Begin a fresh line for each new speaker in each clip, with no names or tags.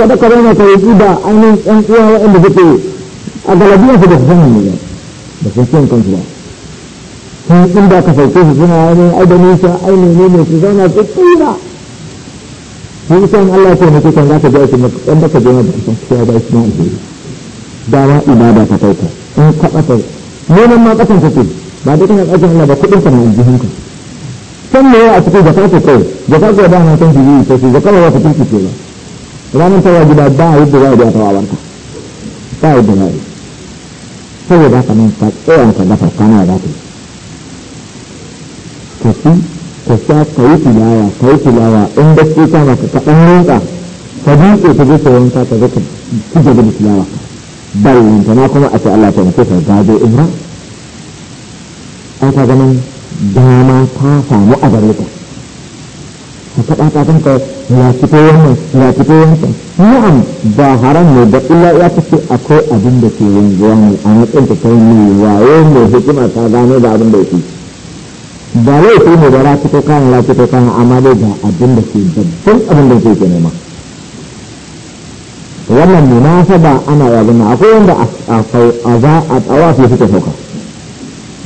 kada ka ba na tarihi da ainihin ɗan uwa waɗanda suke a galabiyar su da su sanin ne ba su ciyan kansu ba sun sun da ka sauke su suna wani adani sa aini ne ne su zauna su tsira su isa in Allah ce mutu kan za ka biya su ɗan da ka biya da su kiyaye ba su ma alheri dama ibada ka kauka in ka ɓata neman ma ƙasan kake ba dai kana ƙasan Allah ba kuɗin ka na aljihunka san me a cikin jaka ce kawai jaka ce ba na kan jiri ta ce jaka ba ta kirkice ba ranar ta wajiba ba yadda za a biya ta ka ba yadda za a yi saboda haka nan ta tsaya ta dafa kana za ta yi ka ci ka sha ka yi tilawa ka yi tilawa in da ke kama ka kaɗan rinka ka ko ta je ta wanka ta zaka ci gaba da tilawa bayan ta na kuma a ce Allah ta mace ka gado ra an ka ganin dama ta samu a gare ka faɗa ka a ka ya fito wannan ya fito wancan haram ne da illa ya fice akwai abin da ke wanzuwa ne a matsayin ka kai ne waye mai a ta gano da a da yake ba laifi ne da kan rafito kan amma dai ga a da ke babban a da ke nema wannan munasaba ana yabon akwai wanda a za a tsawafi suka sauka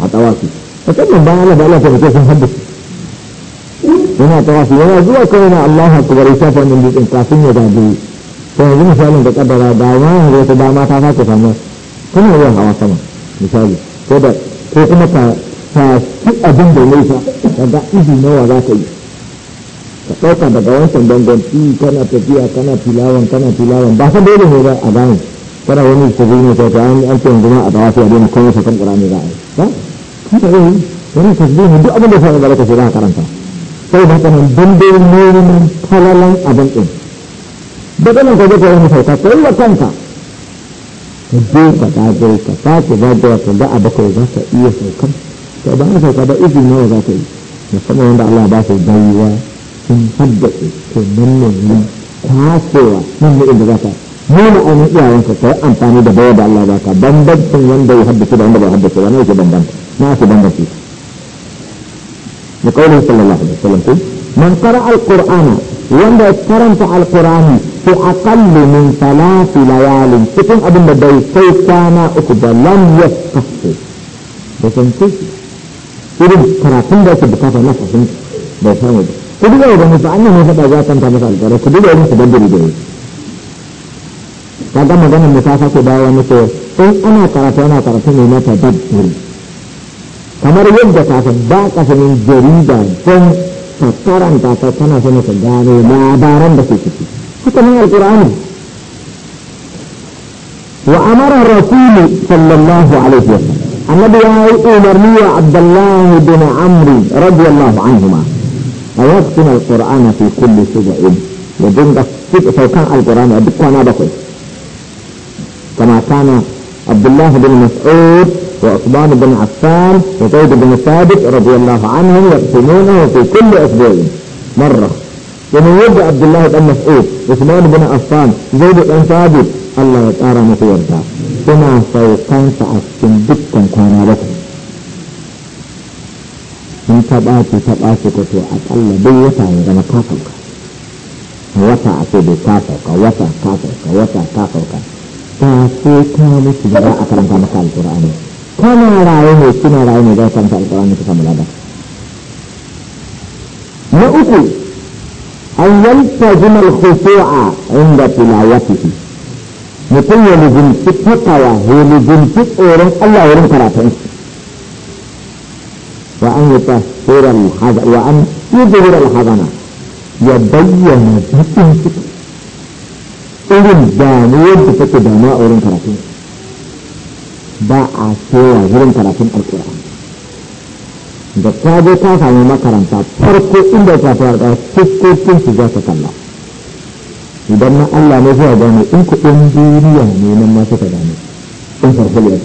a tsawafi musamman bayan Allah da Allah yana tawafi yana zuwa kawai na Allahu akbar ya shafa wannan dutsen kafin ya gaji to yanzu misalin da kaddara da ma ya ta dama ta sake samu kuma yin hawa sama misali ko da ko kuma ka ta ci abin da nesa kaga izi nawa za ka yi ka ɗauka daga wancan danganci kana tafiya kana filawan kana filawan ba fa dole ne ba a gane kana wani su ne ta ta an ce yanzu ma a tawafi a daina kuma sakan ƙura ne za a yi ba kuma wani tasbihi duk abin da ya da ka sai za ka karanta sai da kanan dambe neman falalan abin ɗin da kanan ka zai wani sauka ka yi wa kanka ka je ka ɗaje ka ta ce ba zagaya ka ga a bakwai za ka iya saukan ka ba a sauka ba izini nawa za ka yi musamman wanda Allah ba su bayuwa sun haddace ko nan ne ne kwasowa nan ne inda za ka nuna ainihin iyayenka ka yi amfani da bayar da Allah ba ka bambancin wanda ya haddace da wanda bai haddace ba ne yake bambanta na su bambance Maqaulah sallallahu alaihi wasallam Man qara al-Qur'ana wa man qara al-Qur'ana fi aqall min thalath layalin tukun abun badai saytana dalam lam yaqaf. Bukan tu. Jadi para anda sebekas Allah sahaja. Bukan itu. Jadi kalau orang itu anda masa bacaan sama sekali, kalau kedua orang sudah jadi jadi. Kata makanya masa saya sudah lama tu, anak cara saya cara saya ni macam tak jadi. kamar yadda kafin ba kasamin jarida don ka karanta ta tana so ka gano labaran da ke ciki kuka nan alƙur'ani wa amara rasulu sallallahu alaihi wa sallam annabi ya yi umarni wa abdullahi bin amri radiyallahu anhuma a yaktin fi kulli suja'in ya dinga saukan alƙur'ani a duk kwana bakwai kama kana abdullahi bin mas'ud وعثمان بن عفان وزيد بن ثابت رضي الله عنهم يقسمونه في كل أسبوع مرة ومن يد عبد الله بن مسعود عثمان بن عفان زيد بن ثابت الله يقارى مسيرته بما سيكون سأسكن دكا كان لكم in ta ɓaci ta ɓaci ko to aƙalla duk wata ya zama ka sauka wata a ce dai ka sauka wata ka sauka wata ka sauka ta sai ka mutu da za a karanta maka alƙur'ani kana raye ne kina raye na uku an yaltazima al-khusu'a inda tilawatihi mutum ya lubunci takawa ya lubunci tsoron Allah wurin karatun wa an an ya bayyana damuwa a wurin karatun ba a koya wurin karatun alƙur'ani da ta je ta samu makaranta farko inda ta fara da fuskokin su za ta kalla idan na Allah ne zuwa gane in kuɗin duniya ne nan ma suka gane in farko ya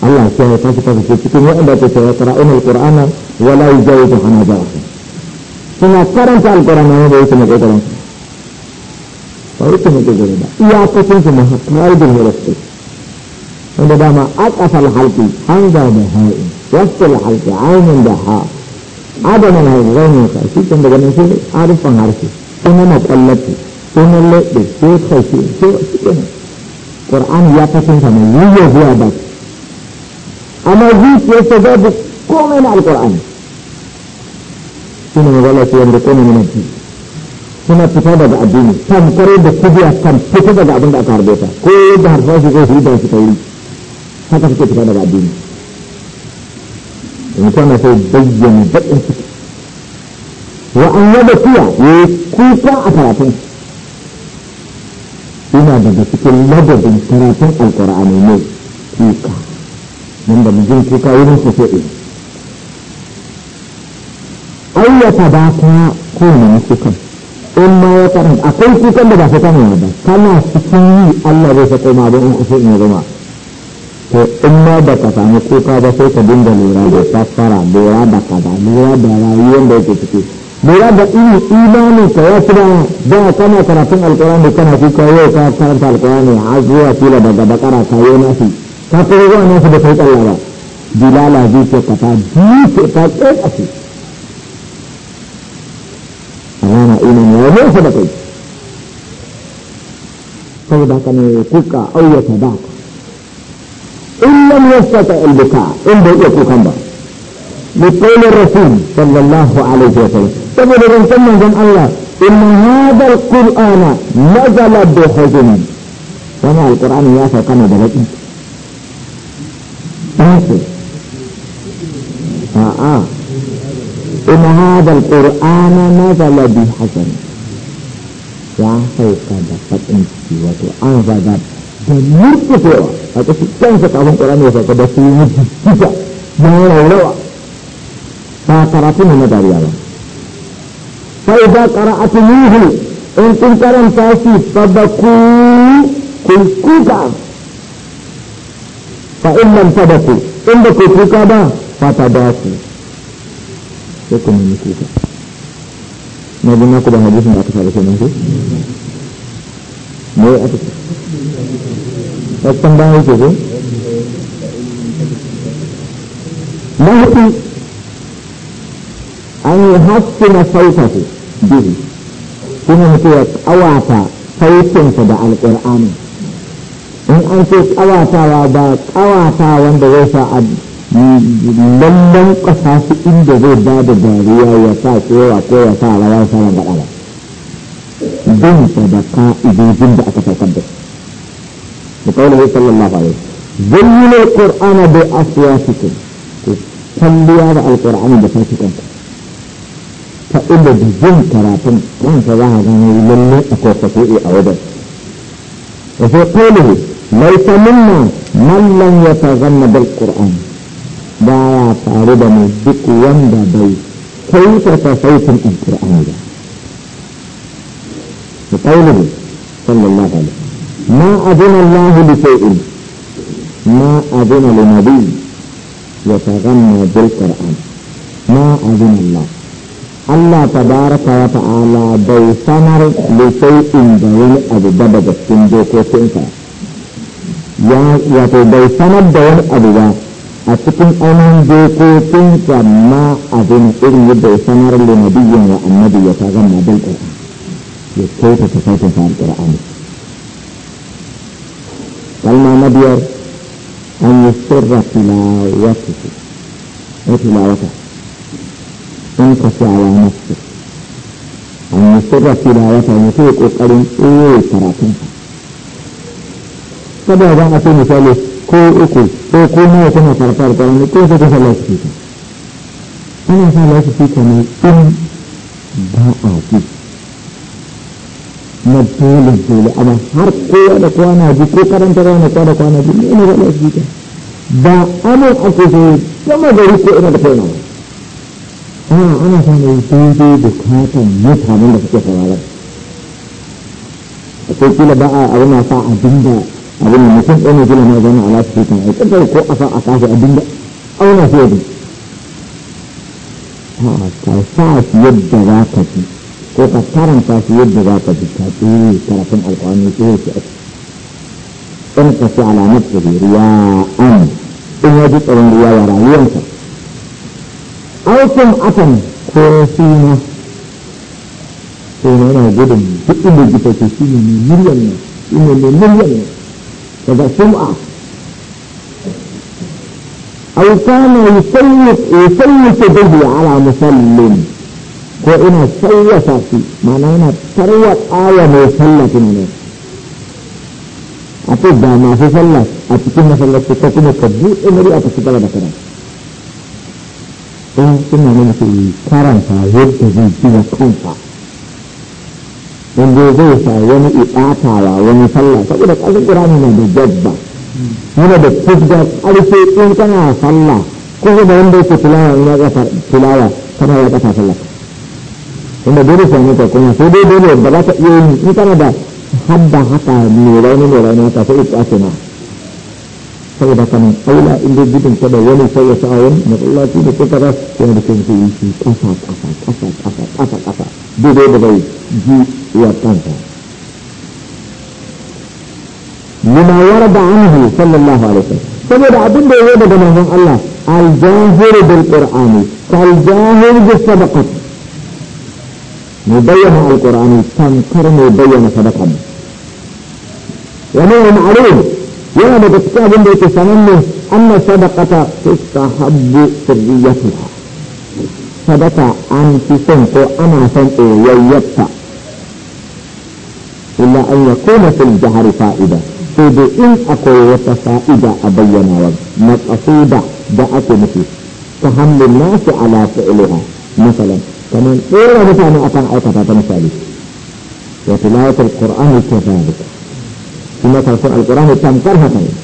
Allah sai ya tafi tafi ce cikin waɗanda ke cewa ƙara'un al-Qur'ana wala yujawizu hanajarahu suna al ne da yake mai ƙoƙarin ba yake mai ƙoƙarin ba iyakacin su ma har da wanda dama aqafal halqi hanga da ha'i wasul halqi ainun da ha adaman haizan ka shi kan daga nan sai arifan harshe ko na kallafi kuma lebe ko kai ko cikin qur'ani ya kasance mai yiwa zuwa ba amma zuciyarsa babu komai na alqur'ani shine magana ce wanda komai na na suna fita daga addini tamkar da kubiya kan fita daga abin da aka harbe ta ko da harfa shi zai yi da shi ta wuri haka suke fita daga addini in kana sai bayyana baƙin ciki wa an yaba kuwa ya yi kuka a karatun ina daga cikin madadin karatun alƙur'ani ne kuka Nan da mijin kuka wurin su so ina ayyata ba ta kowane kukan in ma ya karanta akwai kukan da ba su kama ba kana cikin yi Allah zai sako ma don in kusa in zama to in ma ba ka samu kuka ba sai ka dinga lura da fassara lura da kaza lura da rayuwar da yake ciki lura da iri imanin ka ya fi da kana karatun alkurani kana kuka yau ka karanta alkurani a zuwa fila daga bakara ka yi nasu ka kuma zuwa nasu da sai tsalla ba bilala zuke ka ta zuke ta tsaye a ce rana ina ne ya zo da kai saboda ka ne kuka auyata da ka in lam yastata al buka in bai iya kukan ba لقول الرسول صلى الله عليه وسلم تقول إن كان من الله إن هذا القرآن نزل بحزن وما القرآن يا فقنا بلد ماشي آه آه إن هذا القرآن نزل بحزن يا فقنا بلد وتعاذب بمرتفع atau sekian sekawan orang yang saya kebasi ini juga mengelola bakar api mana dari Allah saya cara api nuhu untuk karam pasti pada ku kulkuka fa'inlam pada ku pada ku kukaba pada basi saya kena nukuka Nabi Nabi Nabi Nabi Nabi Nabi Nabi Nabi Nabi wancan baya yake ko na hudu an yi haskina sautatu bihi kuma mutum ya kawata sautinsa da alƙur'ani in an ce kawatawa ba kawata wanda zai sa a lallan ƙasa su inda zai ba da dariya ya sa kowa ko ya sa rawa sa gaɗa ba bin da ka'idojin da aka بقوله صلى الله عليه زينوا القرآن بأصواتكم تنبيا القرآن بصوتكم فإذا بزن كراتم كان فضاها غني لما أكو خطيئي أودا وفي قوله ليس منا من لم يتغنى بالقرآن بايا تارد من ذك وندى بي كيف تصيتم القرآن ده بقوله صلى الله عليه ما أذن الله لشيء ما أذن لنبي يتغنى بالقرآن ما أذن الله Allah tabaraka wa ta'ala bai sanar da sai inda wani abu ba daga cikin dokokinsa wato bai sanar da wani abu ba a cikin ainihin dokokinsa ma abu na irin yadda ya sanar da ya ya المعنى ديار أن a تلاوته el أنقص على con أن يسر a na dole dole amma har kowa da kowa na ji ko karanta na kowa da kowa na ji ne ba a ta ba a ko so kama da riko ina da kai na ba ana ana samun da bukatan mutanen da suke a kai kila ba a abu na sa abin da abin da mutum ɗaya ne kila na zama a lafi ta a kai ko a sa a kashi abin da auna fiye da ta sa yadda za ka fi ko ka karanta shi yadda za ka ji tasiri karatun alƙawani ko yake ake in ka fi alamar ta riya an in ya ji tsaron riya ya rayuwarsa aikin akan ko suna ko yana gudun duk inda gita ke shi ne mai miliyan ne shi ne mai miliyan ne daga sum'a أو كان يسلط يسلط به على مسلم ko ina tsawata su mana yana tarwa wa mai sallah ne a ce da masu sallah a cikin masallaci ko kuma ka buɗe mari a cikin gaba da kana in ina ne mutum karanta yadda zai gina kansa wanda zai sa wani ibatawa wani sallah saboda ƙarfin ƙurani na da jabba yana da kusga ƙarfe in kana sallah ko da wanda yake tilawa in ya ƙasa tilawa kana ya ƙasa sallah tunda dole same ka kuma sai dai dole ba za ka iya yin in kana da hadda haka mai rauni ne rauni haka sai ita ce ma saboda kana aula in dai gudun kada wani sai ya sa'a wani matsalaci da kuka ba yana da kansu yi shi kasa kafa kafa kafa kafa kafa daidai da bai ji ya kanta lima warada anhu sallallahu alaihi wasallam saboda abin da ya daga manzon Allah al-jahir bil qur'ani kal jahir bis sadaqati مبينة القرآن تنكر مبينة صدقة ومن المعلوم يا بتكتاب اللي تسمنه أن صدقة تستحب سريتها صدقة أنت سنك أنا سنك ويبتأ إلا أن يكون في الجهر فائدة سيدي إن أقوى فائدة أبينا مقصودة دعك مثل تحمل الناس على فعلها مثلا kemudian ilah bersama mengatakan al-kata-kata misali wa tilawat al-Qur'an kata cuma kalau al-Qur'an al-kata-kata hatanya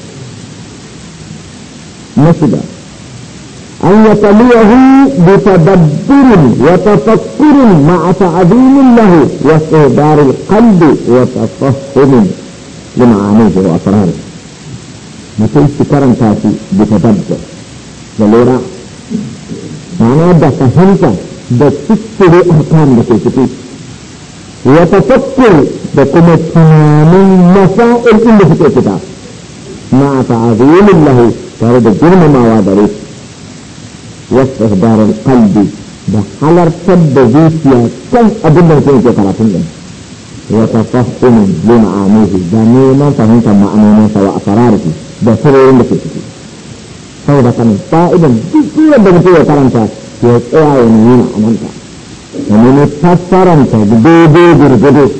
masjidah ayya taliyahu bitadabbirin wa tafakkirin ma'ata'adhinin lahu qalbi wa lima amin jawa asrari maka istikaran kasih bitadabbir lelora mana ada kehentang da cikin ahkam da ke ciki wa tafakkur da kuma tunanin masa'il din da suke fita ma ta'azimin lahu tare da girmamawa gare shi واستهدار القلب بحلر تب زوتيا كم أدنى كنت كراتين لهم وتفهم لمعانيه جميما فهمت معانيه وأسرارك بسرعين بكتك سوف كان فائدا كثيرا بمثير كرامتك ya tsaya ya nuna amanta ya nuna fassaranta daidai gurgudu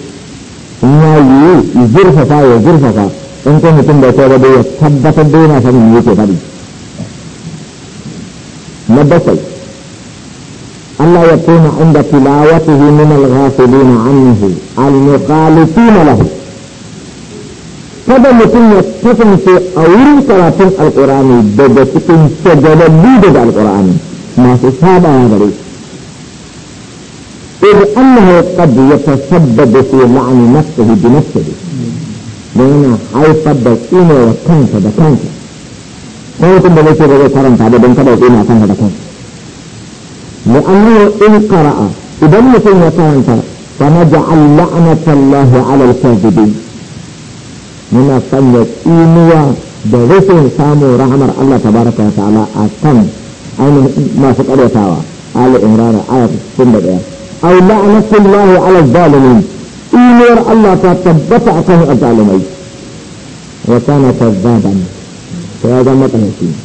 in ya yi zurfafa ya zurfafa in kuma mutum da ta da ya tabbatar da yana sanin yake faɗi na bakwai Allah ya tuna inda tilawatihi min al-ghafilin anhu al-mukhalifin lahu kada mutum ya kasance a wurin karatun alƙur'ani daga cikin shagalallu daga alƙur'ani ما تشابه نظري إذ أنه قد يتسبب في لعن نفسه بنفسه لأن هيطبق إيمة وكنسة بكنسة ما يكون بلوكي بلوكي كرنت هذا بنتبه إيمة وكنسة بكنسة لأنه إن قرأ إذا لم مثل وكنسة فنجعل لعنة الله على الكاذبين من صنة إيمة da سامو رحمر الله تبارك وتعالى wa آية أو ما فقد يتاوى على إمرارة آية ثم بقى أو لا نفس الله على الظالمين إيمير الله تتبطع كه الظالمين وكان كذابا كذا ما تنسين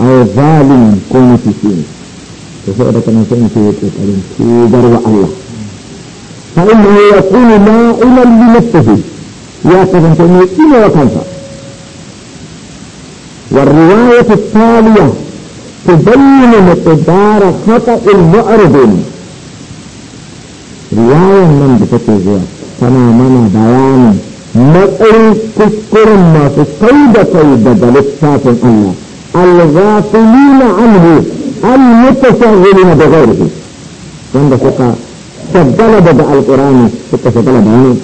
أو ظالم كون في سين كذا ما تنسين في الظالم في جروع الله فإنه يكون ما إلا لنفسه يا سبحانه وتعالى وكذا والرواية التالية تبين مقدار خطأ المعرضين رواية من بكتب هو كما من دوام مقل كفر ما في قيد قيد دلسات الله الغافلين عنه المتشغلين بغيره كان بسقى سجل بدأ القرآن سجل بدأ القرآن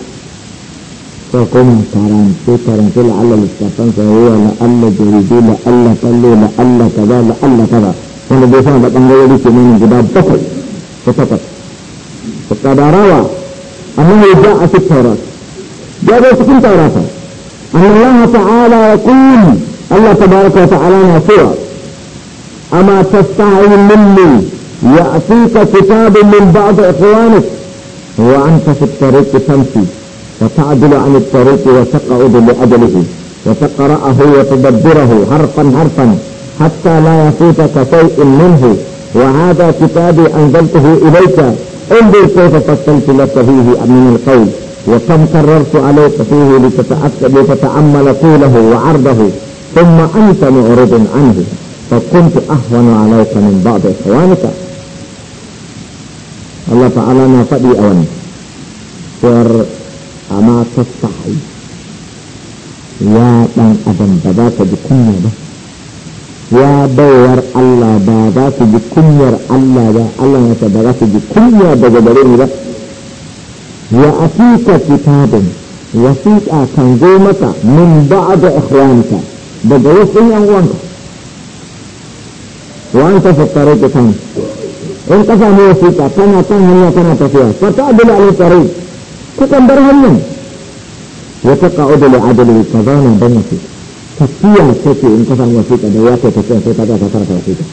فقم سلام كرم كل على الاستفان فهو لألا جريدي لألا صلي لألا كذا لألا كذا فانا بيسان بطن غيري كمان جدا بطل فقط فقد روى أنه جاء في التوراة جاء في التوراة أن الله تعالى يقول الله تبارك وتعالى نصيرا أما تستعين مني يأتيك كتاب من بعض إخوانك وأنت في الطريق تمشي وتعدل عن الطريق وتقعد لأجله وتقرأه وتدبره حرفا حرفا حتى لا يفوتك شيء منه وهذا كتابي أنزلته إليك انظر كيف فصلت لك فيه من القول وكم كررت عليك فيه لتتأمل طوله وعرضه ثم أنت معرض عنه فكنت أهون عليك من بعض إخوانك الله تعالى ما فدي أولا amma ta sa'i ya ɗan adam ba za ka ji kunya ba ya baiwar Allah ba za ku ji kunyar Allah ba Allah ya ta ba za ku ji kunya daga gare ni ba wa afika kitabun wasiƙa kan zo maka min ba'da ikhwanka daga wasu yan uwanka wa anta fi tariqatan in ka samu wasiƙa kana kan hanya kana tafiya fa ta'dilu al-tariq kusan bar hanyar wata ka'udu da adalin ka zauna don wasu tafiya take in ka samu wasiƙa da ya kai tafiya sai ka za ka karanta ta,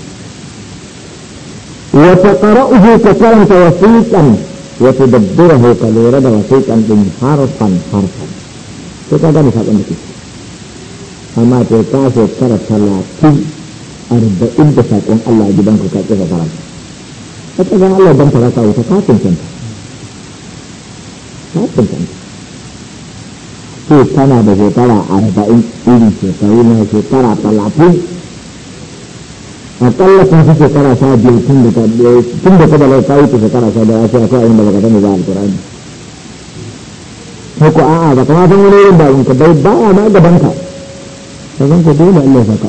wata ƙara'uhu ka karanta wasiƙan wata dabburahu ka lura da wasiƙan ɗin harfan harfan sai ka gane saƙon da ke amma ta ka shekara talatin arba'in da saƙon Allah a gidanka ka ƙi ka karanta. Ka ƙi Allah don ta rasa wuta ka cancanta. cin kanta ko tana da shekara arba'in irin shekaru na shekara talatin akalla kun fi shekara sha biyu tun da tun da ta balau ta yi shekara sha biyu sai akwai abin da baka sani ba alkurani ko ko a'a ba kuma san wani irin babin ka bai ba ma gaban ka ka san ko dole Allah ya saka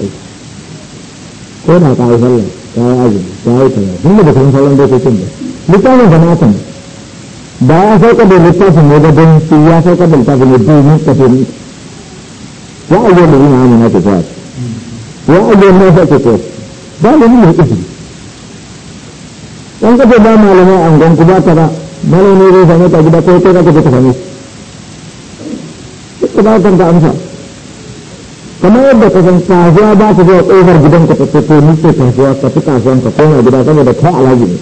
ko da ka yi sallah ka yi azumi ka yi kaza tun da ba san sauran dokokin ba mutanen da na kan ba ya sauka da littafin ne don su ya sauka da littafin ne domin kafin a ayyar da yana amina ta kwas ya ayyar na sauka kwas ba da yana kafin ɗan kafa ba malamai an gan ku ba ta ba malamai zai sami ta gida kai kai ka kafa ka same ka ba kan ka amsa kamar yadda ka san kasuwa ba ta zuwa ƙofar gidanka ta fito ni ce kasuwa ka fi kasuwanka koma gida saboda kai alhaji ne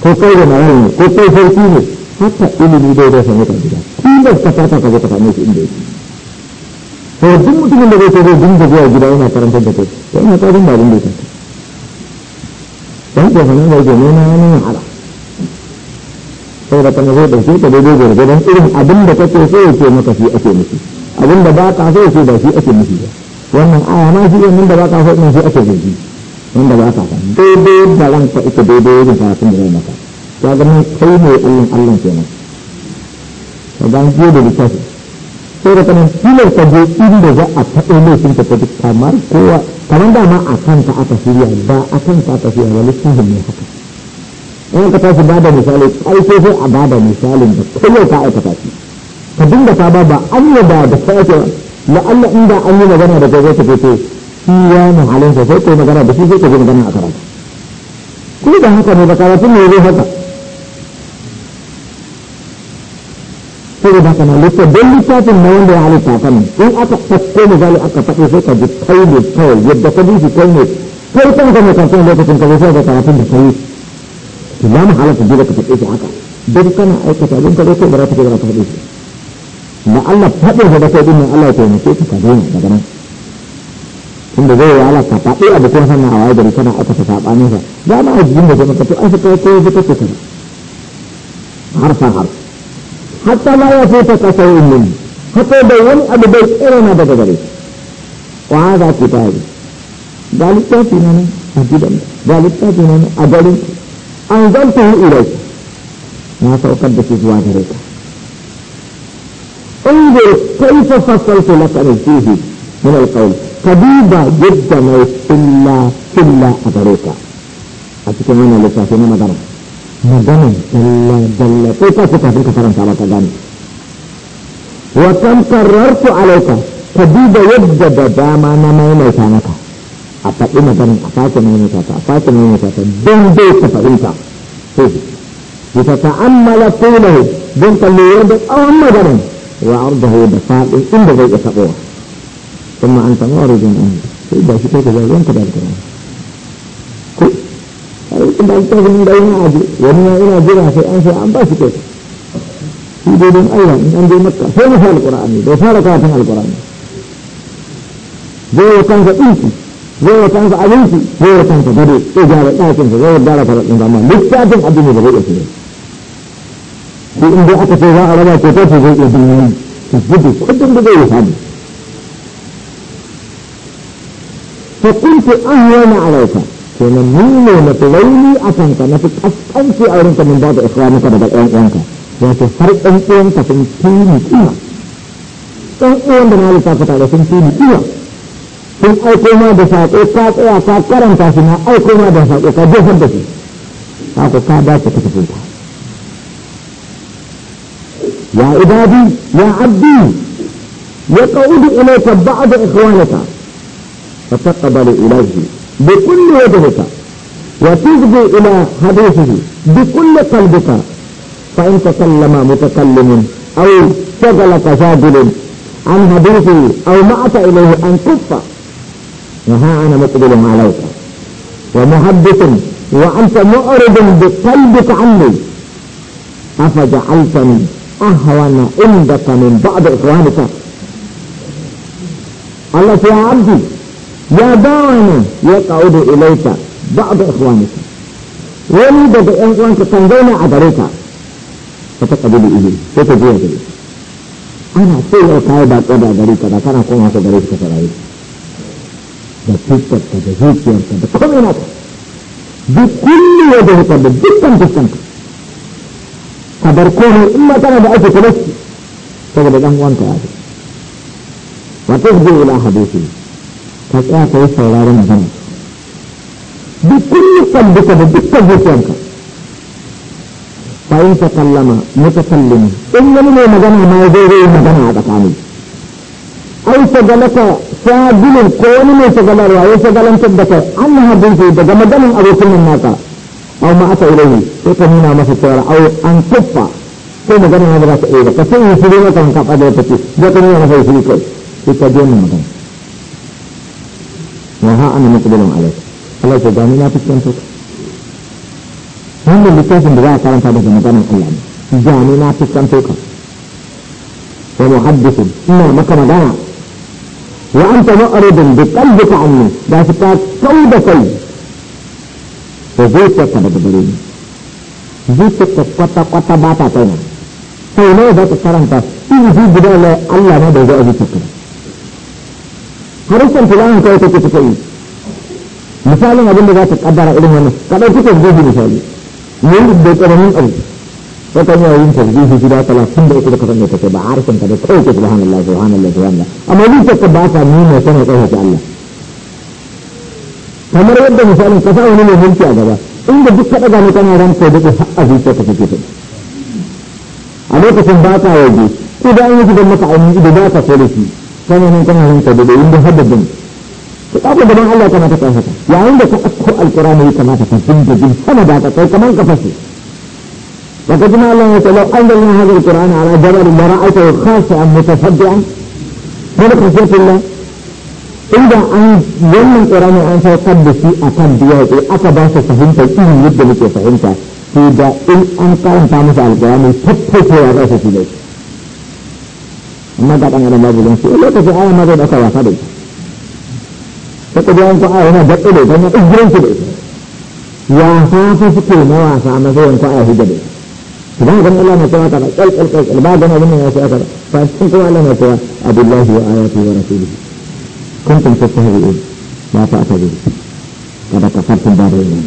ko kai da mayar ne ko kai sarki ne hatta ilimi dai zai same ta gida in tilas ka farka ka ta ka shi inda to duk mutumin da zai ce zai dinga zuwa gida yana karanta da kai yana tsarin ba abin da ya dan ke hanan da yake nema ala wahala da kana zai dauke ka daidai gwargwadon irin abin da kake so ya ce maka shi ake miki abin da ba ka so ya ce ba shi ake miki wannan aya ma shi wannan da ba ka so din shi ake miki wanda ba ka san daidai da ranka ita daidai wajen karatun da zai maka ya zama kai mai allah allah kenan ka ga je da littafi sai da kanan filar ka je inda za a taɓa laifin ka tafi kamar kowa kamar ma a kanta aka shirya ba a kanta aka shirya ba littafin ne haka in ka tashi ba da misali ƙarfe sai a ba da misalin da kuma ka aikata shi ka dinga ta ba ba an yi ba da sake la'alla inda an yi magana da kai zai ta fito shi ya mu halin sai yi magana da shi zai ta magana a karatu kuma da haka ne da karatun ne zai haka ba ka nan don littafin na wanda ya halitta kan in aka ɗauko misali aka faɗi sai ka ji kai ne kawai yadda ka bi shi kai ne kai kan ka mai kankan lokacin ka sai da karatun da kai to ba mu halatta dole ka faɗe shi haka don kana aikata don ka zo kai ba za ka je ba za ka shi da Allah faɗin da kai din nan Allah ya taimake ka ka daina daga nan inda zai wahala ka faɗi a bikin sannan a waye gari kana aka ta saɓanin sa ba ma a jikin da zama ka to an kai ko ya fi harfa harfa حتى لا يفوتك شيء منه حتى يبين أبو بيت بدا ذلك وهذا كتابي ذلك في من أجدا ذلك في من أجل أنزلته إليك ما سأقدس جوارك انظر كيف فصلت لك فيه من القول طبيبة جدا إلا إلا أبروك أتكلم أنا لسافي ما ضرب maganin dalla dalla ko ka ce kafin ka faranta maka gane wa kam karartu alaika ka duba yadda da dama na maimaita maka a faɗi maganin a sake maimaita ta a sake maimaita ta don dai ka fahimta to bisa ta'ammala tulahu don ka lura da tsawon maganin wa ardahu da faɗin inda zai iya taɓowa kuma an taɓa wajen an sai ba shi kai ka zai yanka da inda ake ganin da yana abu wani ya ina jira sai an sai an ba shi kyauta shi dai don Allah in an je makka sai mu fara alqur'ani bai fara karatun alqur'ani zai ya kansa dinki zai ya kansa abinci zai ya kansa gado zai gyara ɗakin sa zai gyara faradin zama littafin addini da zai iya shi ko in dai aka ce za a raba kyauta to zai iya dinnan ta gudu kudin da zai yi samu فقلت أهون عليك kenan ni ne mafi rauni a kanka mafi kaskanci a wurinka min babu ikhwanuka daga ɗan uwanka wato har ɗan sun fi ni kima da na lissafa tare sun fi ni sun aiko ma da saƙo ka tsaya ka karanta shi na aiko ma da saƙo ka jefar da shi ka ka dace ka tafi ta ya ibadi ya abdi ya qaudu ilayka ba'd ikhwanika fataqabbalu ilayhi بكل وجهك وتفضي إلى حديثه بكل قلبك فإن تكلم متكلم أو شغلك شاغل عن حديثه أو معت إليه أن كف وها أنا مقبل عليك ومحدث وأنت معرض بقلبك عني أفجعلتني أهون عندك من بعض إخوانك الله يا عبدي ya bawa ne ya ƙa'udu ilaita ba a da ikhwanika wani daga ƴan uwanka kan zauna a gare ka ka ta kabili ihi sai ka jiya gare ana so ya kawo da ƙwada gare ka da kana koma ka gare ka sarayi da fuskarka da zuciyarka da komai naka da kulli ya da hukar da dukkan fuskanka ka bar komai in ma kana da ake kulaski saboda ɗan uwanka ya ce ka tsaka yi sauraron jini duk kullum kan duka da dukkan zuciyarka bayan ta kallama muka kallama in wani mai magana ma ya zai zai magana a tsakani ai ta gane ka shagulin ko wani mai shagalarwa ya shagalantar da kai an na hadin zai daga maganin abokin nan naka au ma aka ilahi sai ka nuna masa cewa au an kuffa sai magana ya zaba ta ɗaya ka sanya shi zai maka hankafa da ya fice zai ka nuna masa ya shi kai sai ka je mai magana وها أنا مقبلهم عليك الله يجعلني لا تستنطق هم من بكاسم بغاية كلام فاده في مكان القيام جعلني لا تستنطق ومحدث ما مكان دعا وأنت مؤرد بقلبك عني لا ستاك قلب قلب وزيت يكتب بدلين زيت يكتب قطة قطة باتا تينا فيما ذات الشرنطة إنه في بداية الله ما بيزعه زيت يكتب harshen filanin kawai take suka yi misalin abin da za ta kaddara irin wannan ka ɗauki tasbihi misali yin da ƙaramin abu wata ne yin tasbihi gida talatin da uku da kasan da take ba harshen ka da kawai ke subhanallah subhanallah subhanallah amma zuciyar ka ba ta nuna tana tsarkake Allah kamar yadda misalin ka sa wani mai mulki a gaba inda duk ka ɗaga ne kana ran ko duk har a zuciyar ka take a lokacin ba ta waje idan an yi gidan maka ainihin idan ba ka so da shi kana nan kana nan ka dubi inda hadda din ka tabbata gaban Allah kana ta kai haka yayin da ka akko alqur'ani kana ta kai da din kana da kai kaman ka fasi wa ka jima Allah ya ce la qad lana hadha alqur'ana ala jabal mara'ata khasan mutafaddian wala khasiyatu la inda an wannan qur'ani an sai kadda shi akan duwatsu aka ba shi fahimta irin yadda muke fahimta to da in an karanta masa alqur'ani tattauce ya ga shi ne mata kang ada babu yang sih, lepas yang awal mata dasar lah tadi. Tapi dia itu awal nak jatuh deh, banyak ujian sih deh. Yang satu sekian awal sama tu yang awal hidup deh. Sebagai Allah nak cakap, kalau kalau kalau kalau bagaimana dengan yang saya kata, pasti tu Allah nak cakap, Abdullah wa ayat wa rasul. Kuntum sesuatu ini, bapa saya ini, kata kafir pun ini.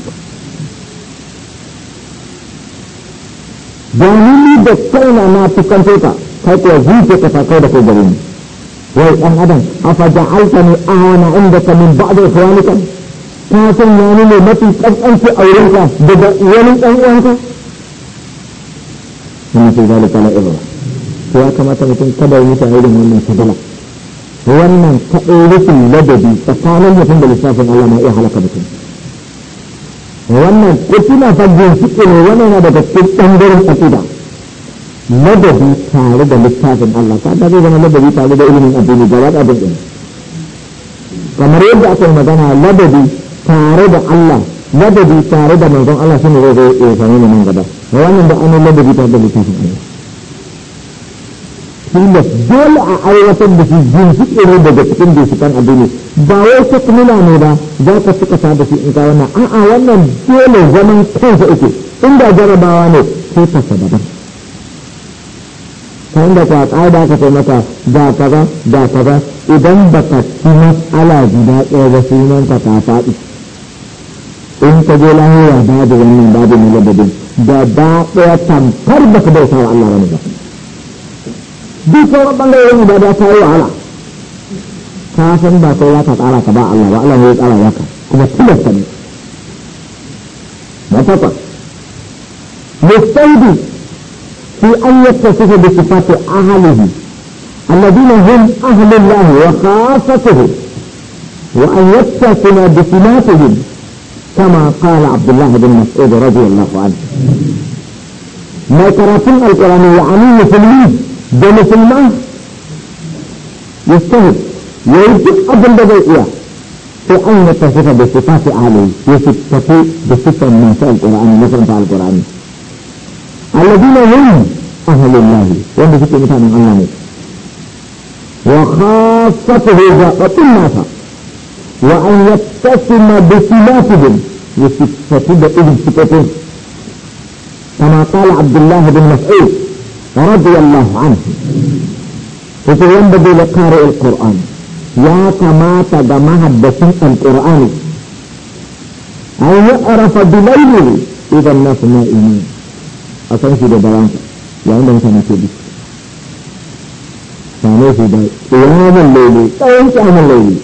Jangan lupa kalau nak tukar cerita, kai kuwa zuciya ka kai da kai gare ni wai ɗan adam afa ja'altani inda ka min ba'da ikhwanika ka sanya ni ne mafi kaskanci a wurinka daga wani ɗan ka kuma sai zalika kana ibra to ya kamata mutum kada ya mutane da wannan kadala wannan kaɗai rufin ladabi tsakanin mutum da lissafin Allah na iya halaka mutum wannan kutuna fa ginshiki ne wannan na daga cikin ɓangaren akida ladabi tare da littafin Allah ka da zai zama ladabi tare da ilimin addini gaba da abin ɗin kamar yadda aka magana ladabi tare da Allah ladabi tare da manzon Allah shine zai zai ya sami mu nan gaba wannan da an ladabi ta da littafin Allah tunda dole a aiwatar da shi ginshiƙiro daga cikin ginshiƙan addini ba wai ta kumila ne ba za ka suka ta da shi in ka wannan a'a wannan dole zaman kansa ake inda jarabawa ne sai ta daban wanda ka tsada ka ce ka ba kaza ka ba idan ba ka ci mas'ala guda ɗaya ba sunan ka ka faɗi in ka je lahira babu wannan babu na ladabin da ba ɗaya tamfar ba ka bauta wa Allah wani ba duk sauran ɓangarorin da ba ta yi wahala ka san ba kai za ka tsara ka ba Allah ba Allah ne ya tsara maka kuma tilasta ne ba takwas mustaidi في أن يتصف بصفات أهله الذين هم أهل الله وخاصته وأن يتصف بصفاتهم كما قال عبد الله بن مسعود رضي الله عنه ما كراتين القرآن يعني بل في مسلمان يجتهد ويجب أبن بدائية في أن يتصف بصفات أهله يصف بصفة من القرآن مثل القرآن الذين هم أهل الله وهم في مكان الله وخاصته ذاقة الناس وأن يتسم بصلاتهم وصفته إذن سكتهم كما قال عبد الله بن مسعود رضي الله عنه itu yang berbeda kari Al-Quran ya kama tagama haddasin Al-Quran ayya arafa bilaili a san shi da bayansa yayin da mutane ke bi same shi da ƙiyamun laili tsawon ƙiyamun laili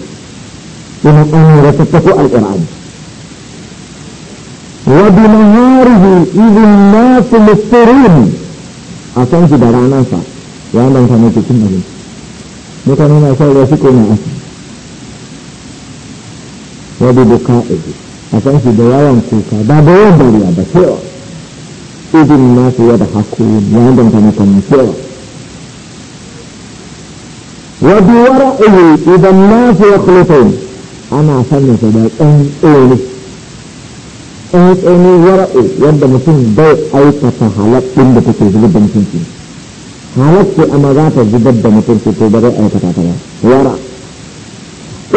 ina an ratattaku alƙur'ani wa bi naharihi idin nasu mustirin a san shi da ranansa yayin da mutane ke cin abinci mutane na shan ruwa suke na asu wa bi a san shi da yawan kuka ba da yawan dariya ba cewa إذ الناس يضحكون وعندهم تنكم سوى ana إذا الناس يخلطون أنا فن سبب أن أولي أن أولي ورائه يبدأ مثل بيت أي كتحالك إن بكتير جدا مثل halar ce a mazata zubar da mutunci ko ba aikata ta ba wara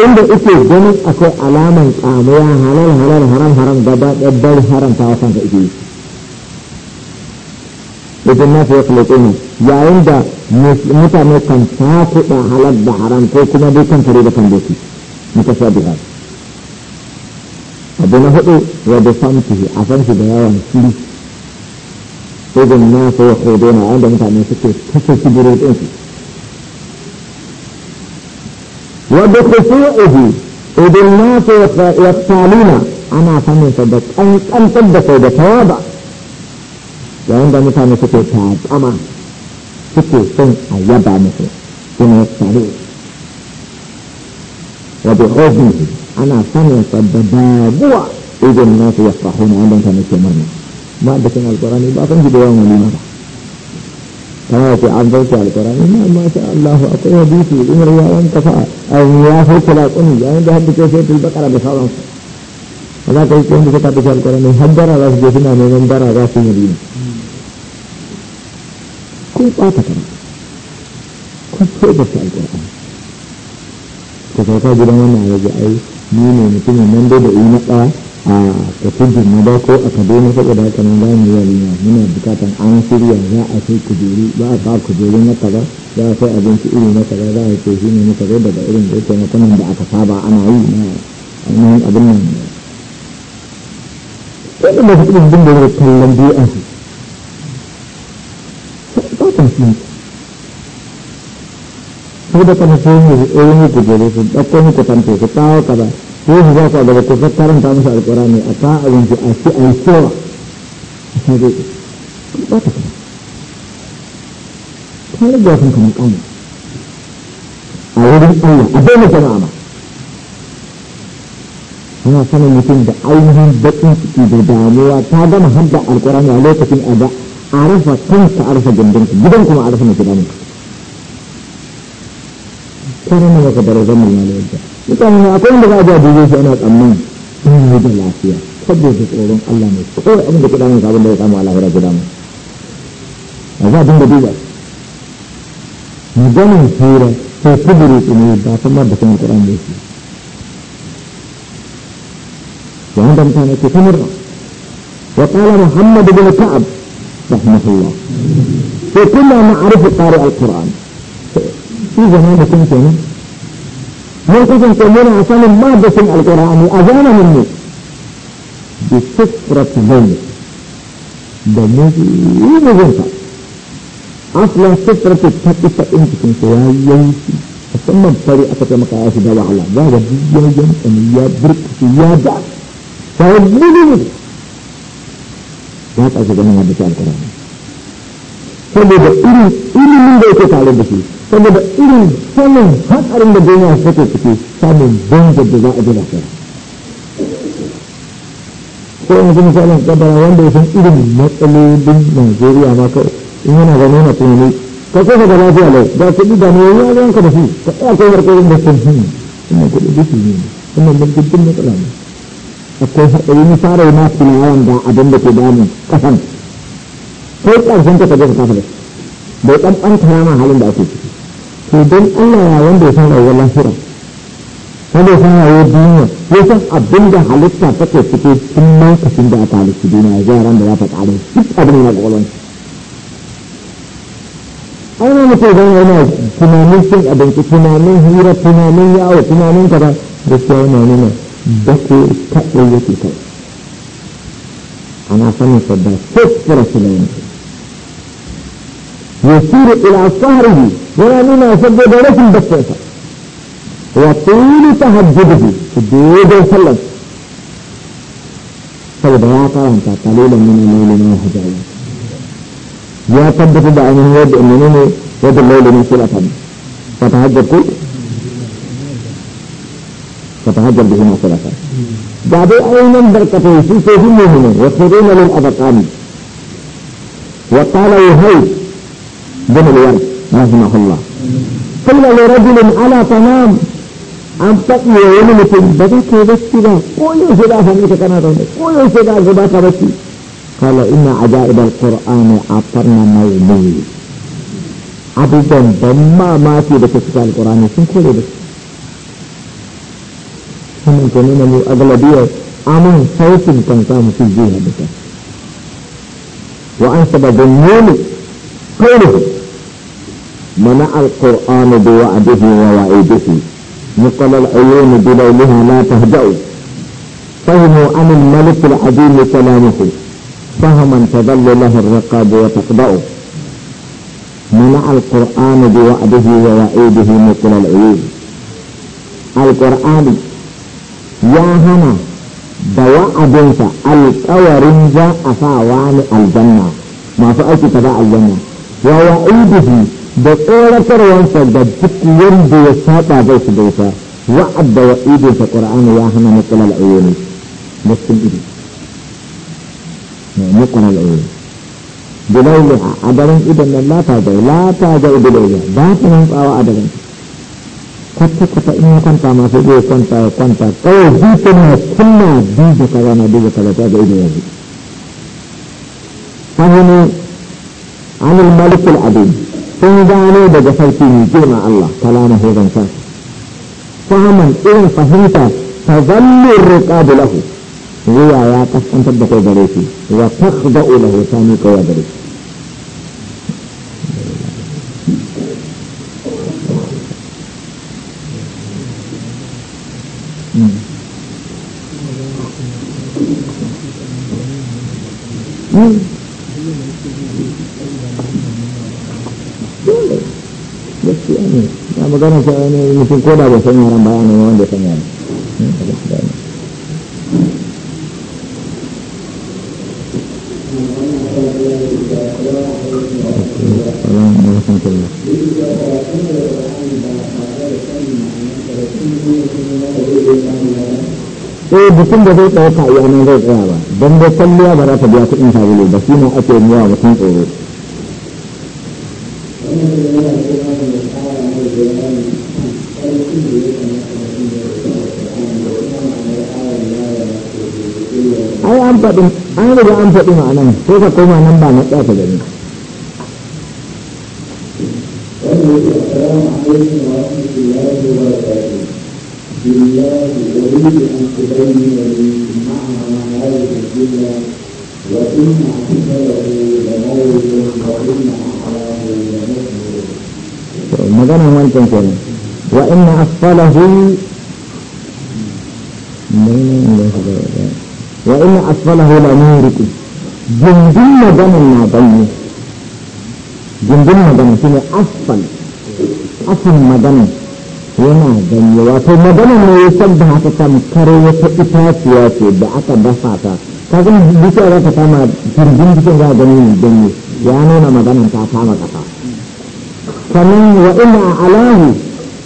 inda ike ganin akwai alaman kamuwa halal halal haram haram gaba ɗabbar haram ta wasan ka ike yi idan nasu ya ne yayin da mutane kan takuɗa halar da haram ko kuma dai kan kare da kan doki mutashabiha abu na hudu wa da a san shi da yawan shiri idan nasu ya yayin da mutane suke kashe shibirin ɗinsu wa idan ya taluna ana sanin sa da ƙanƙantar da sau da tawaba อย่างนั้นจะมีสติขาดเอามาสติต้องอายบาลเป็นสติว่าจะโอ้ยอันนั้นสันนิษฐานแบบว่าอีกหนึ่งที่อยากพูดในเรื่องการเมืองมันมาดูที่อัลกุรอานนี่บ้างที่เรื่องนี้นะถ้าเราไปอ่านดูที่อัลกุรอานนี่นะมาชาอัลลอฮฺอัลกุรอานดีสิอุมรียาลันตะฟะอัลลอฮฺสุลัยอุนยาอันเดียบุเชติลบะการะบิซาลัง za ka yi wanda suka ɗauki alƙwarani har dara za su je suna neman dara za su yi madina kun ɓata kara kun soja su alƙwarani ka sauka gidan wannan waje ai ni ne mutumin nan dai da yi na ɗaya a kafin na ba ko a kaduna saboda haka nan za mu yi walima muna bukatan an shirya za a sai kujeru za a kawo kujeru na kaza za a sai abinci iri na kaza za a ce shi ne muka zo daga irin da yake na kanan da aka saba ana yi na abin nan Allah ibn bin Nabi Sallam di ahli. Apa tentang ini? Sudah pernah saya ini, orang itu jadi apa ini kata saya ketawa kata. Ini sudah saya dapat kesetaraan dalam soal Quran ini. Apa yang dia asyik asyik? Jadi, apa tentang ini? Kalau dia akan kamu kamu. Allah, apa yang dia nama? ana sanin mutum da ainihin baƙin ciki da damuwa ta gama hadda alƙur'ani a lokacin a a rufa kanka a rufa gindinka gidan kuma a rufa mai gidan kwanan da maka bara zama na lafiya mutane ne akwai wanda za a ji a shi ana tsammanin sun yi da lafiya saboda tsoron Allah ne kawai abin da kuɗa min sabon da ya samu Allah ya guda mu a za a dinga duba maganin hira sai kuduri tsini ba kamar da kuma ƙuran da shi وعندما كانت تستمر وقال محمد بن كعب رحمه الله في كل معرفة قارئ القرآن في زمان كنت هنا كنت تقولون عشان ما بسمع القرآن أذان مني بسفرة ذنب بمجيء ذنب أصلا سفرة التكي انت كنت يا يوسي أسمى بطريقة كما قال أسدى وعلا الله ربي يا جنب أن يا برك يا دعك sabbin ya ƙarshe ganin yadda ke alƙur'ani saboda irin ilimin da yake tare da shi saboda irin sanin hatsarin da duniya suke ciki samun bangar da za a jira kai ko yanzu misalin kadara wanda ya san irin matsalolin najeriya ma kawai in yana zama yana tunani ka kofa ga lafiya lau ba su ɗi gano ya zan ka da shi ka tsaya kai harkokin da sun hanyar ina kuɗi duk ne ina mulkin duk matsala ne akwai haɗari na fara yi masu tunawan da abin da ke damu kasan ko ƙarshen ta kaje ka kafa bai ɗan ɓanta ma halin da ake ciki to don Allah ya wanda ya san rayuwar lahira wanda ya san rayuwar duniya ya san abin da halitta take ciki tun lokacin da aka halitta duniya yaran da ya faɗa da duk abin da ƙwaƙwalon aina mutum zan yana tunanin cin abinci tunanin hira tunanin yawo tunanin kaza gaskiya yana nuna بكوا تقويتك طيب. أنا فني صدق كفر سليمان يسير إلى صهره ولا منا يصدق ولكن بكيته وطول تهجده سجود وسلم طيب يا ترى أنت قليلا من الليل ما يهجعون يا تبت دعني يد أمنني يد الليل من سلطان فتهجد كل kata hajar bisa masyarakat. Jadi ayunan berkata Yesus itu dimuhnya. Wasirin alim abad kami. Wa ta'ala yuhay. Bunuh luar. Rahimahullah. Kala li rajulim ala tanam. Ampak ni ayunan itu. Bagaimana kau besti dah? Kuyuh sudah sama ke kanan rohnya. Kuyuh sudah sebaca besti. Kala inna ajaib al-Quran aparna maumuhi. Abu Dhan, bama masih dekat Quran. itu dia sementara ini adalah dia aman saya pun tentang tujuh betul. Wahai sebagai mulut kulit mana Al Quran dua adik dua adik Mukallal ayun bila ilah la tahjau Fahimu anil malikul adil salamuhu Fahaman tadallu lahir raqab wa taqda'u Mula al-Quran biwa'adihi wa wa'idihi mukulal ayyuh Al-Quran ya hana da wa'adinsa alƙawarin za a sa wani aljanna masu aiki ta kaza aljanna wa wa'idihi da tsoratarwansa da duk yadda ya saba zai su bauta wa'ad da wa'idinsa ƙur'ani ya hana matsalar ayyuni muslim ido matsalar ayyuni bilauliha a adarin idan nan lata zai lata ta zai bilauliha ba ta nan tsawa a daga kwata-kwata in ya kwanta masu zai kwanta ya kwanta kawai zuciya na kunna duba kaza na duba kaza ta ga ido yanzu fahimi anil malikul abin sun gano daga sarki mai girma Allah kalama hezon sa fahimin irin fahimta ta zallin riƙa da lahu wuya ya kaskantar da kai gare shi wa takhda'u lahu ta miƙa ya gare shi dole ya magana ta mutum ko da san yaran ba wanda san jikin da zai ɗauka iya nan zai tsaya ba don dai kwalliya ba za ta biya kuɗin sabulu ba shi ne ake miya mutum tsoro ai an faɗi an riga an faɗi ma'anan ko ka koma nan ba na tsaka gani مدانا وان تنكين وإن أفضله وإن أفضله لأميرك جندل مدانا ما بني جندل مدانا كما أفضل أفضل مدانا وما بني وفي مدانا ما يسبح تتم كريوة إتاك ياتي بأتا بفاتا كذلك بسيارة تتم جندل مدانا بني يعني مدانا تتم كريوة sannan wa ina alahu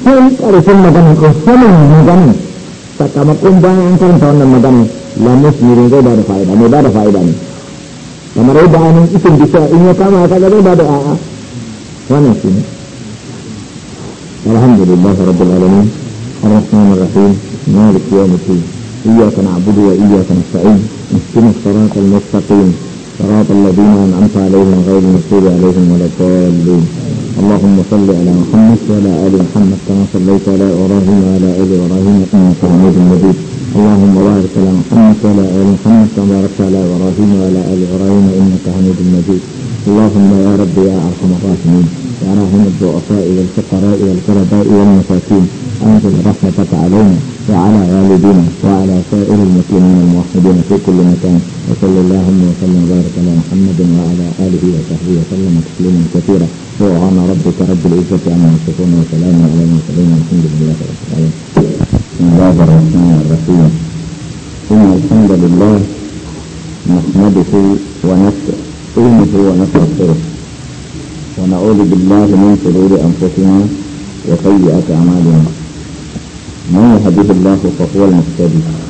sai ƙarshen maganin a saman maganin sakamakon bayan karanta wannan maganin la musmirin zai ba da fa'ida mai ba da fa'ida ne kamar yadda ainihin ikin bishiya in ya kama kaga zai ba da a'a wannan shi ne alhamdulillah rabbil alamin الرحمن الرحيم مالك يوم الدين إياك نعبد وإياك نستعين اهدنا الصراط المستقيم صراط الذين أنعمت عليهم غير المغضوب عليهم ولا الضالين اللهم صل على محمد وعلى آل محمد كما صليت على إبراهيم وعلى آل إبراهيم إنك حميد مجيد اللهم بارك على محمد وعلى آل محمد كما باركت على إبراهيم وعلى آل إبراهيم إنك حميد مجيد اللهم يا رب يا أرحم الراحمين يا راحم الضعفاء والفقراء والقرباء والمساكين أنزل رحمتك علينا وعلى والدينا وعلى سائر المسلمين موحدين في كل مكان وصلى اللهم وسلم وبارك على محمد وعلى آله وصحبه وسلم تسليما كثيرا وعن ربك رب العزة عما يصفون وسلام على المرسلين والحمد لله رب العالمين بسم الله الرحمن الرحيم إن الحمد لله نحمده ونستعينه ونستغفره ونعوذ بالله من شرور أنفسنا وسيئات أعمالنا من يهده الله فهو المهتدي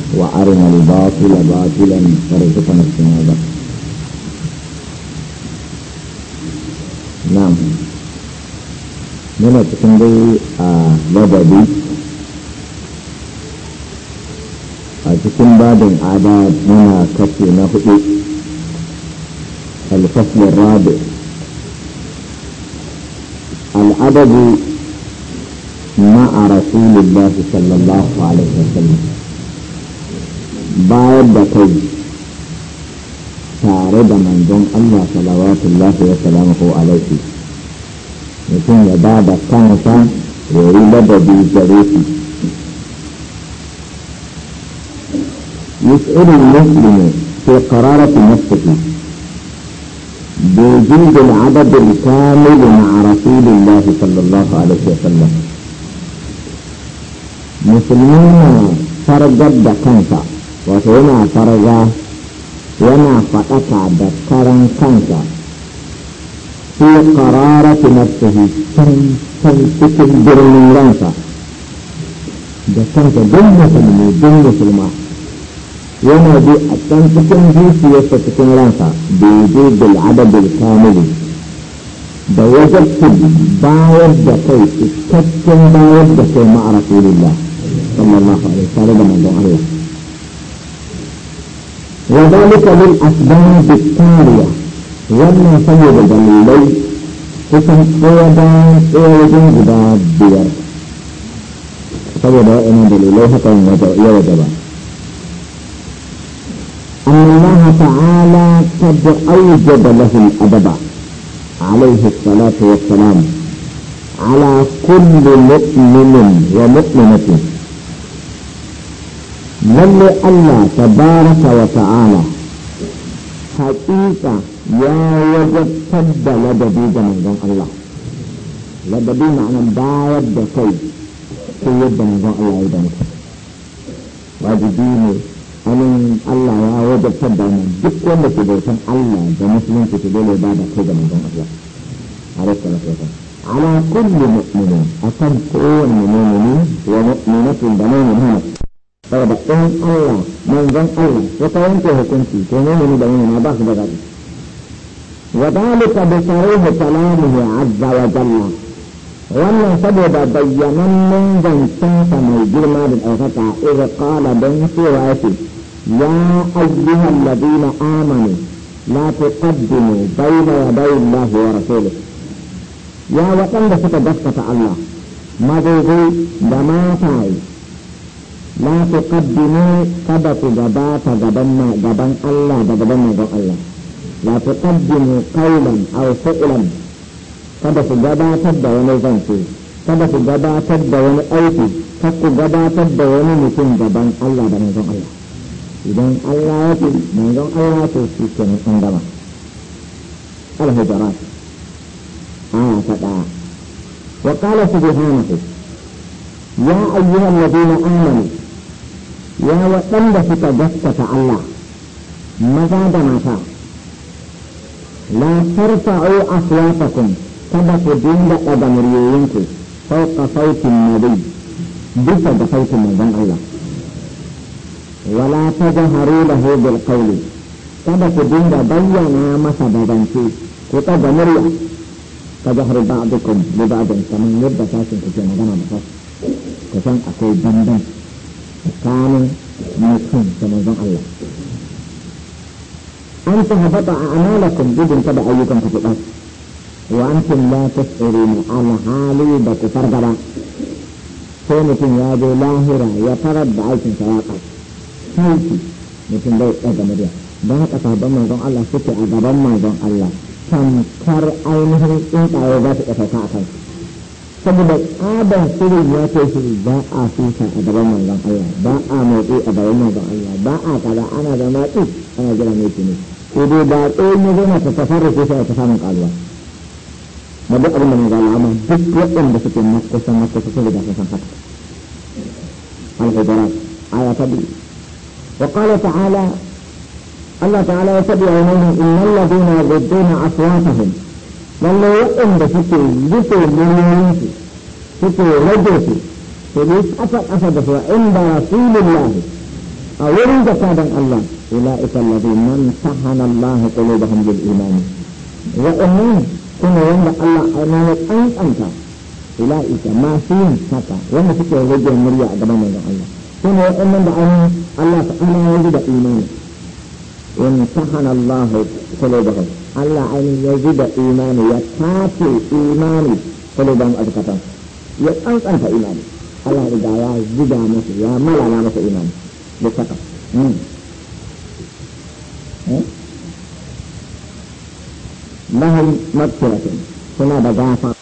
وأرنا الباطل باطلا وارزقنا اجتنابه نعم من cikin بابا a ladabi a cikin منا كفي نهدي الفصل الرابع الأدب مع رسول الله صلى الله عليه وسلم bayar da kai tare da manzon Allah salawatullahi wa salamuhu alaihi mutum ya ba da kansa ya yi ladabi gare shi يسأل المسلم في قرارة نفسه بوجود العدد الكامل مع رسول الله صلى الله عليه وسلم مسلمون فرقد كنفه wato yana farga yana faɗaka da karan kansa fi qararati nafsihi can can cikin birnin ransa da kansa don musulmi don musulma yana bi a can cikin zuciyarsa cikin ransa bai je bil adadin kamili da wajabtin bayar da kai cikakken bayar da kai ma'a rasulullah sallallahu alaihi wasallam da manzon Allah وذلك من أسباب التالية ومن سيد دليلي اسم أيضا أيضا جداد بير سيد إن دليليه قوم يوجبا أن الله تعالى قد أوجد له الأدب عليه الصلاة والسلام على كل مؤمن ومؤمنة lalle Allah tabaraka wa ta'ala haƙiƙa ya wajabtar da ladabi ga manzon Allah ladabi ma'anar bayar da kai ko yadda manzon Allah ya danta wajibi ne anin Allah ya wajabtar da mu duk wanda ke bautan Allah da musulunci ke dole ba da kai ga manzon Allah alaihi wasallam ala kulli mu'minin akan kowanne mu'mini wa mu'minatin da mu'minat saboda in Allah manzon Allah ya kawo hukunci to ne ne da yana ba su da gari وذلك بصريح كلامه عز وجل wannan saboda bayyanannen zancensa mai girma da ɗaukaka irin ƙala don cewa ce ya ayyuhan ladina amanu la tuqaddimu bayna yaday Allah wa rasulih ya waɗanda suka gaskata Allah mazaizai da mataye la tuqaddimu kada ku gabata gaban gaban Allah da gaban manzon Allah la tuqaddimu qawlan aw fi'lan kada ku gabatar da wani zance kada ku gabatar da wani aiki kada ku gabatar da wani mutum gaban Allah da manzon Allah idan Allah ya ce manzon Allah to shi ke nan gaba al-hujurat aya ta daya wa qala subhanahu ya ayyuhal ladina amanu ya waɗanda suka gaskata Allah maza da mata la tarfa'u aswatakum kada ku dinga ɗaga muryoyinku fauka sautin nabi bisa da sautin manzon Allah wala tajharu lahu bil qawli kada ku dinga bayyana masa da zance ku ɗaga murya tajharu ba'dukum li ba'din kamar yadda sashin ku ke magana da sashin kusan akwai bambanci tsakanin mutum da manzon Allah an ta a amalakum gudun kada ayyukan ku kiɗa wa antum la tasirinu ala hali da ku fargaba sai mutum ya zo lahira ya farar da aikin sa waka mutum bai ɗaga murya ba haka sabon manzon Allah suke a gaban manzon Allah tamkar ainihin tsuntsaye za su ɗaga a kai. sebab ada sirinya sesuai ba'a sisa adalah mandang ayah ba'a mati adalah mandang ayah ba'ah kalau anak dan mati sama jalan itu ini ibu batu ini kena sesasar sisa sesama Allah. maka ada meninggal lama dikluin di situ makus dan makus itu tidak sesangkat Al-Qibarat ayat tadi wa qala ta'ala Allah ta'ala yasabi ayamayna innal ladhina yagudduna aswatahum lalle waɗanda suke rufe mummuninsu suke rage su su ne ƙasa ƙasa da su inda rasulillahi a wurin jakadan Allah ula'ika alladhina man tahana Allah qulubahum bil iman wa'annan kuma wanda Allah a nuna tsantsanta ula'ika masu yin haka wanda suke rage murya a gaban manzon Allah kuma wa'annan da an Allah ta'ala ya da imani امتحن الله قلوبهم الله أن يجد إيماني يكافي إيماني قلوبهم أزكتهم أنت إيماني الله إذا يا زدا مسي يا ملا لا مسي إيماني بسكة لهم مغفرة هنا بغافر